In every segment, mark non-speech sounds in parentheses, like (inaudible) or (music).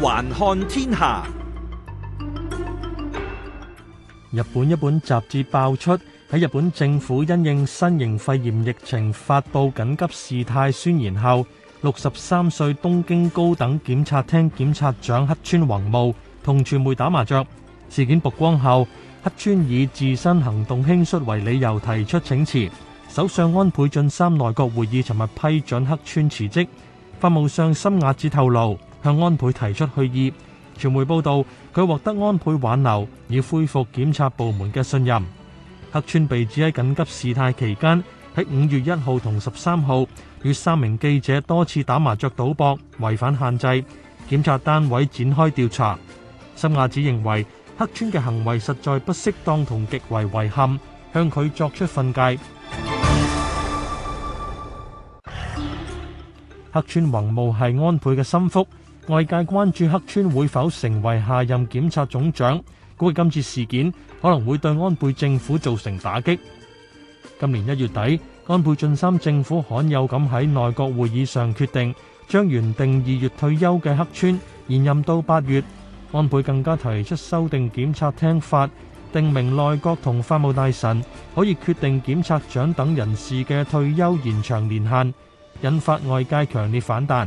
環看天下，日本一本雜誌爆出喺日本政府因應新型肺炎疫情發布緊急事態宣言後，六十三歲東京高等檢察廳檢察長黑川弘務同傳媒打麻雀，事件曝光後，黑川以自身行動輕率為理由提出請辭。首相安倍晉三內閣會議尋日批准黑川辭職。法務相森雅子透露。向安倍提出去意，傳媒報道佢獲得安倍挽留，以恢復檢察部門嘅信任。黑川被指喺緊急事態期間喺五月一號同十三號與三名記者多次打麻雀賭博，違反限制，檢察單位展開調查。森亞子認為黑川嘅行為實在不適當同極為遺憾，向佢作出訓誡。 (noise) 黑川弘務係安倍嘅心腹。外界關注黑川會否成為下任檢察總長，估計今次事件可能會對安倍政府造成打擊。今年一月底，安倍晉三政府罕有咁喺內閣會議上決定，將原定二月退休嘅黑川延任到八月。安倍更加提出修訂檢察廳法，定明內閣同法務大臣可以決定檢察長等人士嘅退休延長年限，引發外界強烈反彈。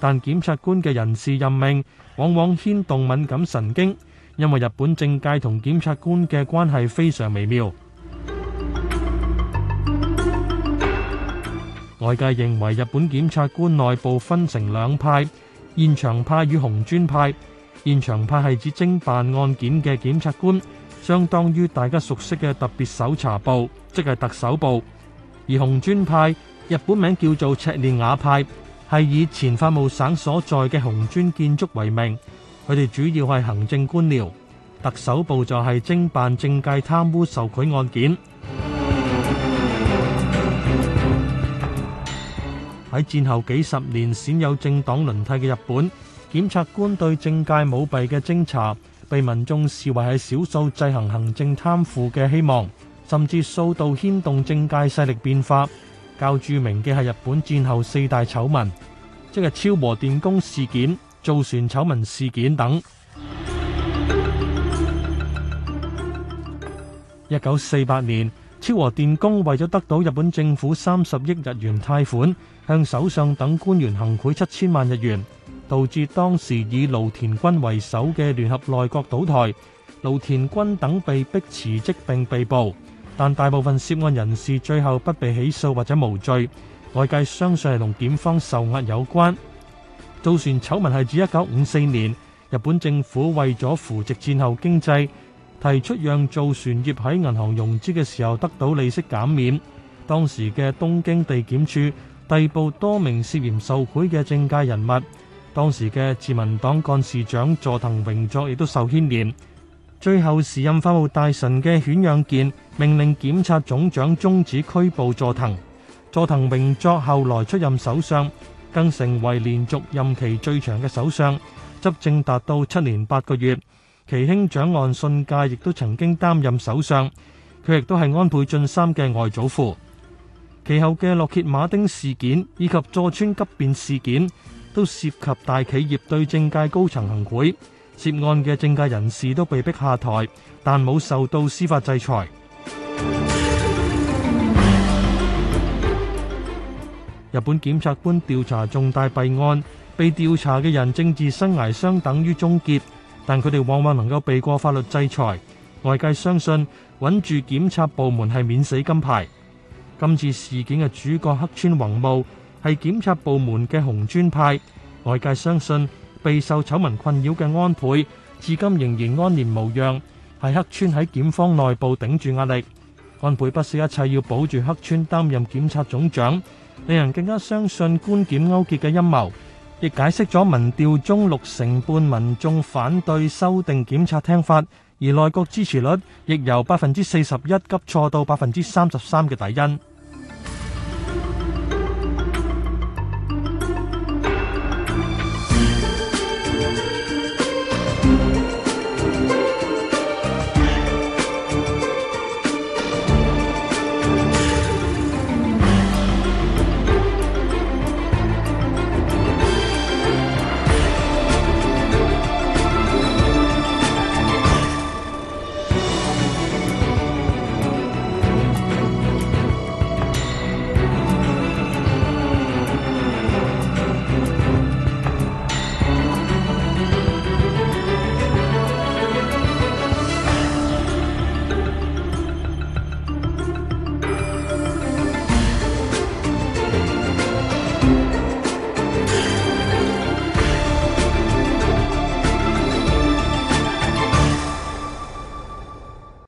但檢察官嘅人事任命往往牽動敏感神經，因為日本政界同檢察官嘅關係非常微妙。 (noise) 外界認為日本檢察官內部分成兩派：現場派與紅磚派。現場派係指偵辦案件嘅檢察官，相當於大家熟悉嘅特別搜查部，即係特搜部；而紅磚派，日本名叫做赤煉瓦派。係以前法務省所在嘅紅磚建築為名，佢哋主要係行政官僚。特搜部就係偵辦政界貪污受賄案件。喺戰後幾十年鮮有政黨輪替嘅日本，檢察官對政界舞弊嘅偵查，被民眾視為係少數制衡行政貪腐嘅希望，甚至數度牽動政界勢力變化。較著名嘅係日本戰後四大醜聞，即係昭和電工事件、造船醜聞事件等。一九四八年，昭和電工為咗得到日本政府三十億日元貸款，向首相等官員行賄七千萬日元，導致當時以蘆田均為首嘅聯合內閣倒台，蘆田均等被迫辭職並被捕。但大部分涉案人士最後不被起訴或者無罪，外界相信係同檢方受壓有關。造船醜聞係指一九五四年日本政府為咗扶植戰後經濟，提出讓造船業喺銀行融資嘅時候得到利息減免。當時嘅東京地檢處逮捕多名涉嫌受賄嘅政界人物，當時嘅自民黨幹事長佐藤榮作亦都受牽連。最後，時任法務大臣嘅犬養健命令檢察總長終止拘捕佐藤。佐藤榮作後來出任首相，更成為連續任期最長嘅首相，執政達到七年八個月。其兄長岸信介亦都曾經擔任首相，佢亦都係安倍晉三嘅外祖父。其後嘅洛歇馬丁事件以及佐川急便事件，都涉及大企業對政界高層行賄。涉案嘅政界人士都被逼下台，但冇受到司法制裁。日本檢察官調查重大弊案，被調查嘅人政治生涯相等於終結，但佢哋往往能夠避過法律制裁。外界相信穩住檢察部門係免死金牌。今次事件嘅主角黑川弘務係檢察部門嘅紅磚派，外界相信。備受醜聞困擾嘅安倍，至今仍然安然無恙，係黑川喺檢方內部頂住壓力。安倍不惜一切要保住黑川擔任檢察總長，令人更加相信官檢勾結嘅陰謀，亦解釋咗民調中六成半民眾反對修訂檢察廳法，而內閣支持率亦由百分之四十一急挫，到百分之三十三嘅底因。